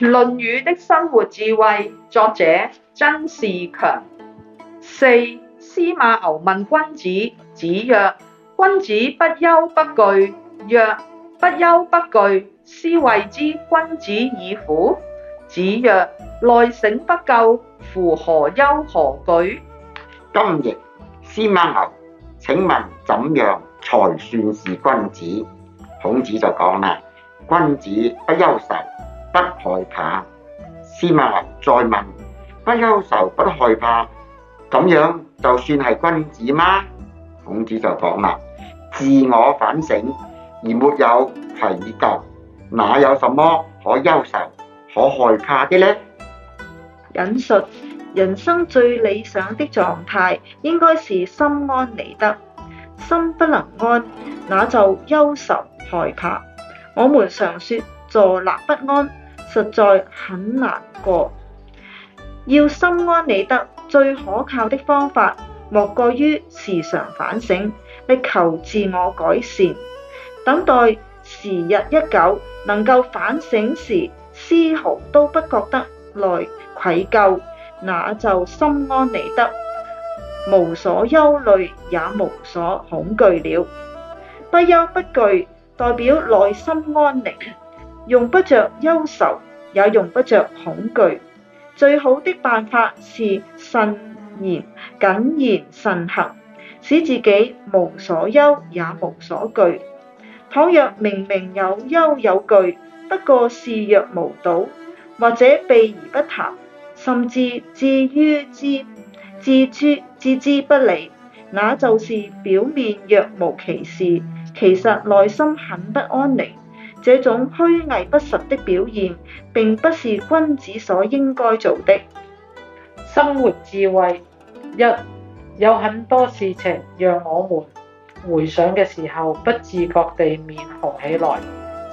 《論語》的生活智慧，作者曾仕強。四司馬牛問君子，子曰：君子不憂不懼。曰：不憂不懼，斯謂之君子已乎？子曰：內省不疚，夫何憂何懼？今亦司馬牛，請問怎樣才算是君子？孔子就講啦：君子不憂愁。不害怕，司馬牛再問：不憂愁，不害怕，咁樣就算係君子嗎？孔子就講啦：自我反省而沒有愧疚，哪有什麼可憂愁、可害怕的呢？引述人生最理想的狀態，應該是心安理得。心不能安，那就憂愁害怕。我們常說坐立不安。實在很難過，要心安理得，最可靠的方法莫過於時常反省，力求自我改善。等待時日一久，能夠反省時，絲毫都不覺得累、愧疚，那就心安理得，無所憂慮也無所恐懼了。不憂不懼，代表內心安寧。用不着憂愁，也用不着恐懼。最好的辦法是慎言、謹言慎行，使自己無所憂也無所懼。倘若明明有憂有懼，不過視若無睹，或者避而不談，甚至置之，置之不理，那就是表面若無其事，其實內心很不安寧。這種虛偽不實的表現，並不是君子所應該做的。生活智慧：一、有很多事情，讓我們回想嘅時候，不自覺地面紅起來。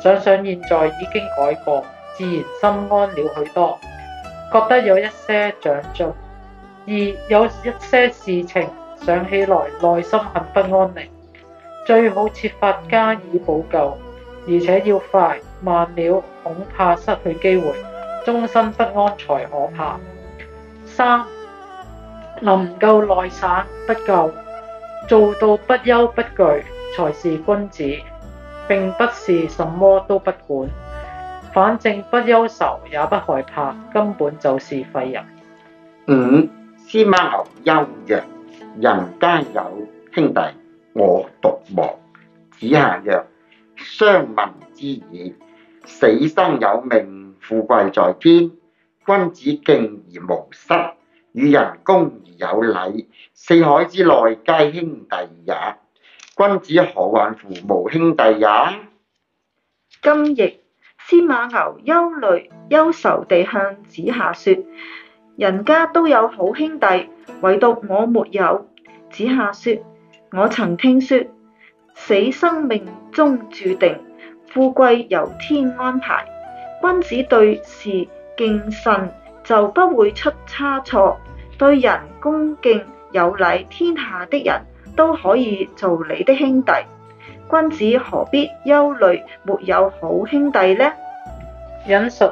想想現在已經改過，自然心安了很多，覺得有一些長進。二、有一些事情想起來，內心很不安寧，最好設法加以補救。而且要快，慢了恐怕失去機會，終身不安才可怕。三、能夠內省不疚，做到不憂不懼才是君子。並不是什麼都不管，反正不憂愁也不害怕，根本就是廢人。五、嗯，司馬牛憂曰：，人間有兄弟，我獨亡。子夏曰。商聞之矣。死生有命，富貴在天。君子敬而無失，與人恭而有禮。四海之內皆兄弟也。君子何患乎無兄弟也？今亦，司馬牛憂慮、憂愁地向子夏說：，人家都有好兄弟，唯獨我沒有。子夏說：，我曾聽說。死生命中注定，富貴由天安排。君子對事敬慎，就不會出差錯；對人恭敬有禮，天下的人都可以做你的兄弟。君子何必憂慮沒有好兄弟呢？引述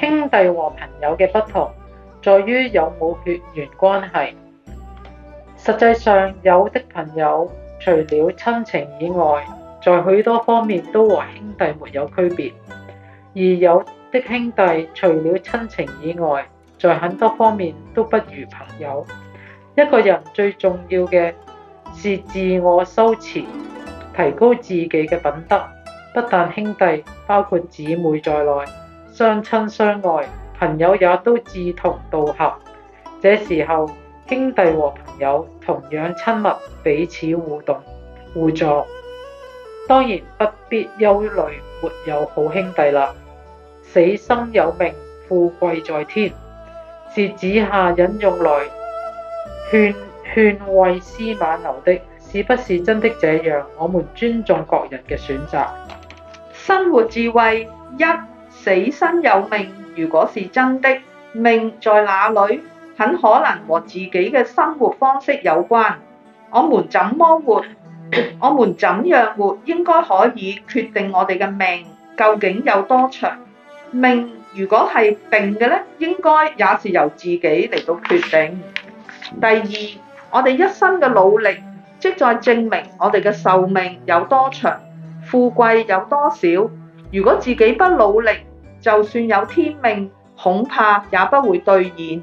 兄弟和朋友嘅不同，在於有冇血緣關係。實際上，有的朋友。除了親情以外，在許多方面都和兄弟沒有區別。而有的兄弟，除了親情以外，在很多方面都不如朋友。一個人最重要嘅是自我修持，提高自己嘅品德。不但兄弟，包括姊妹在內，相親相愛，朋友也都志同道合。這時候，兄弟和有同樣親密，彼此互動互助，當然不必憂慮沒有好兄弟啦。死生有命，富貴在天，是子夏引用來勸勸慰司馬牛的。是不是真的這樣？我們尊重各人嘅選擇。生活智慧一：死生有命，如果是真的，命在哪裏？很可能和自己嘅生活方式有關。我們怎麼活，我們怎樣活，應該可以決定我哋嘅命究竟有多長。命如果係定嘅咧，應該也是由自己嚟到決定。第二，我哋一生嘅努力，即在證明我哋嘅壽命有多長，富貴有多少。如果自己不努力，就算有天命，恐怕也不會兌現。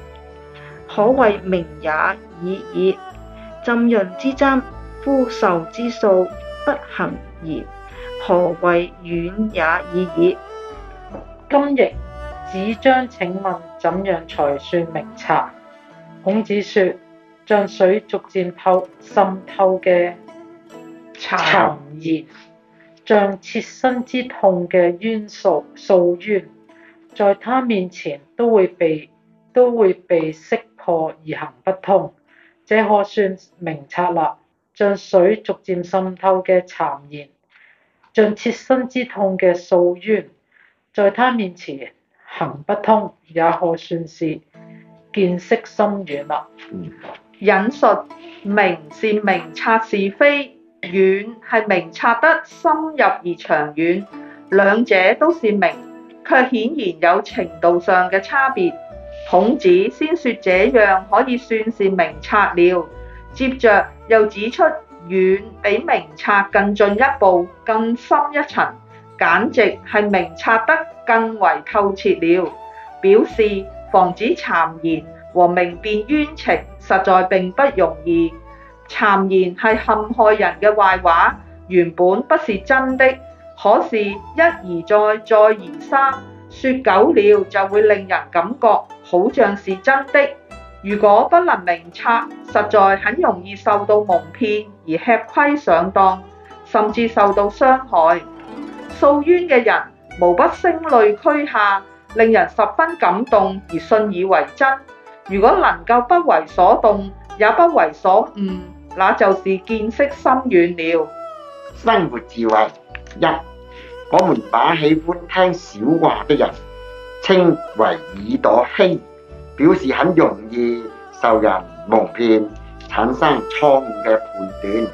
可謂明也已矣。浸潤之譖，膚受之愬，不行焉，何謂遠也已矣。今日子張請問，怎樣才算明察？孔子說：像水逐漸透滲透嘅讒言，像切身之痛嘅冤訴訴冤，在他面前都會被都會被識。破而行不通，這可算明察啦。像水逐漸滲透嘅殘言，像切身之痛嘅訴冤，在他面前行不通，也可算是見識深遠啦。嗯、引述明是明察是非，遠，係明察得深入而長遠，兩者都是明，卻顯然有程度上嘅差別。孔子先說這樣可以算是明察了，接著又指出遠比明察更進一步，更深一層，簡直係明察得更為透徹了。表示防止讒言和明辨冤情，實在並不容易。讒言係陷害人嘅壞話，原本不是真的，可是一而再、再而三，說久了就會令人感覺。好像是真的，如果不能明察，實在很容易受到蒙騙而吃虧上當，甚至受到傷害。訴冤嘅人無不聲淚俱下，令人十分感動而信以為真。如果能夠不為所動，也不為所誤，那就是見識深遠了。生活智慧一，我們把喜歡聽小話的人。稱為耳朵輕，表示很容易受人蒙騙，產生錯誤嘅判斷。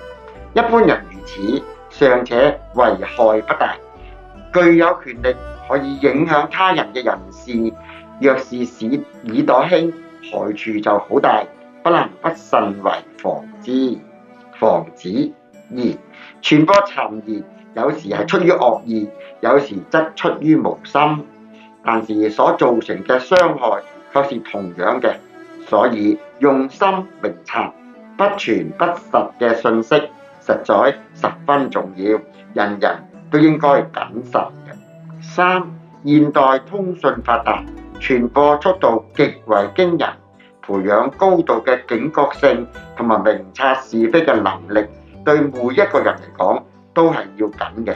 一般人如此尚且危害不大，具有權力可以影響他人嘅人士，若是使耳朵輕，害處就好大，不能不慎為防之。防止二傳播讒言，有時係出於惡意，有時則出於無心。但是所造成嘅傷害卻是同樣嘅，所以用心明察不傳不實嘅信息實在十分重要，人人都應該謹慎嘅。三現代通訊發達傳播速度極為驚人，培養高度嘅警覺性同埋明察是非嘅能力，對每一個人嚟講都係要緊嘅。